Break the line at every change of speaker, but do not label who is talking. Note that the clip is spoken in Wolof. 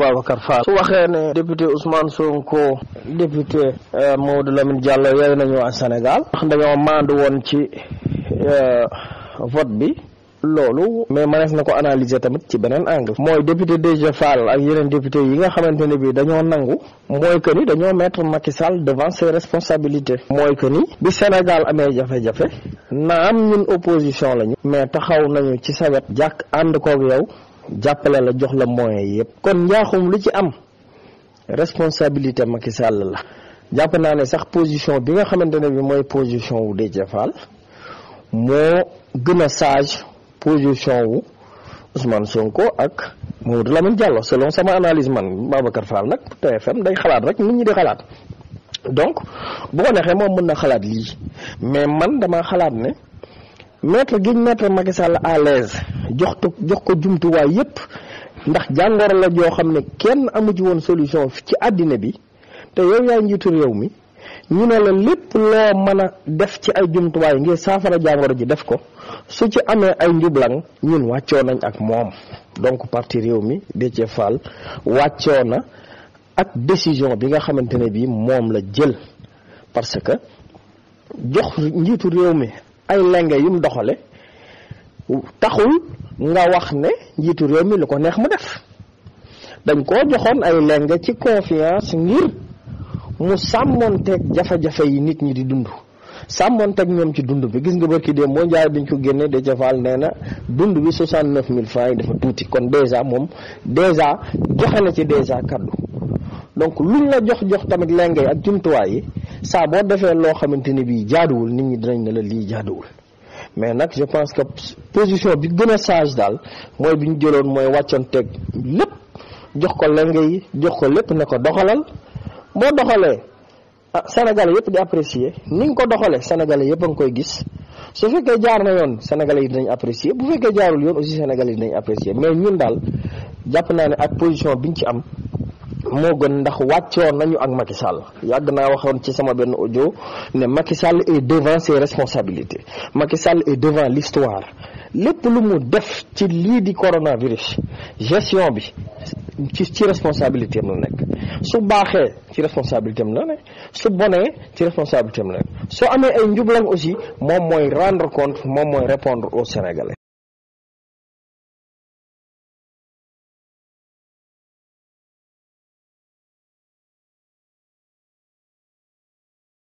Babacar Fall su waxee ne député Ousmane Sonko député euh, Maodo Lamine Diallo yooyu nañu waa Sénégal ndax dañoo maandu woon ci euh, vote bi loolu mais mënees na ko analyser tamit ci beneen angle mooy député DG Fall ak yeneen député yi nga xamante ne bii dañoo nangu mooy que ni dañoo mettre Macky Sall devant ses responsabilités mooy que ni bi Sénégal amee jafe-jafe naam ñun opposition lañu mais taxaw nañu ci sa wet jàkk ànd koog yow jàppale la jox la moyens yi yëpp kon njaaxum lu ci am responsabilité Macky Sall la jàpp naa ne sax position bi nga xamante ne bi mooy position wu Déthié Fall moo gën a sage position wu Ousmane Sonko ak Mamadou Lamine Diallo selon sama analyse man Babacar Fall nag TFM day xalaat rek nit ñi di xalaat donc bu neexee moom mën na xalaat lii mais man dama xalaat ne mettre gi ñu mettre Macky Sall à l'aise jox ko jox ko jumtuwaay yépp ndax jàngoro la joo xam ne kenn amu ci woon solution ci àddina bi te yow yaay njiitu réew mi ñu ne la lépp loo mën a def ci ay jumtuwaay ngir saafara jàngoro ji def ko su ci amee ay njublang ñun wàccoo nañ ak moom donc parti réew mi Déthié Fall wàccoo na ak décision bi nga xamante ne bii moom la jël parce que jox njiitu réew mi ay lenge yum doxale taxul nga wax ne njiitu réew mi lu ko neex mu def dañ koo joxoon ay lenge ci confiance ngir mu teg jafe-jafe yi nit ñi di dund sàmmoonteeg ñoom ci dund bi gis nga barki dee moo njaay biñ ko génnee Déthié Fall nee na dund bi mille francs yi dafa tuuti kon dèjà moom dèjà joxe na ci dèjà kaddu donc luñ la jox jox tamit lenge ak jumtuwaay yi saa boo defee loo xamante ni bii jaaduwul nit ñi dinañ ne la lii jaaduwul mais nag je pense que position bi gën a sage daal mooy bi ñu jëloon mooy wàccoon teg lépp jox ko lenge yi jox ko lépp ne ko doxalal boo doxalee a ah, sénégalais yëpp di apprécier ni nga ko doxalee sénégalais yëpp a ngi koy gis su fekkee jaar na yoon sénégalais yi dinañ apprécier bu fekkee jaarul yoon aussi sénégalais yi dinañ apprécier mais ñun daal jàpp naa ne ak position biñ ci am moo gën ndax wàccoon nañu ak Macky Sall yàgg naa waxoon ci sama benn ojo ne Macky Sall est devant ses responsabilités Macky Sall est devant l'histoire lépp lu mu def ci lii di coronavirus gestion bi ci ci responsabilité la nekk su baaxee ci responsabilité am la ne su bonee ci responsabilité la nekk soo amee ay njublang aussi moom mooy rendre compte moom mooy répondre au Sénégalais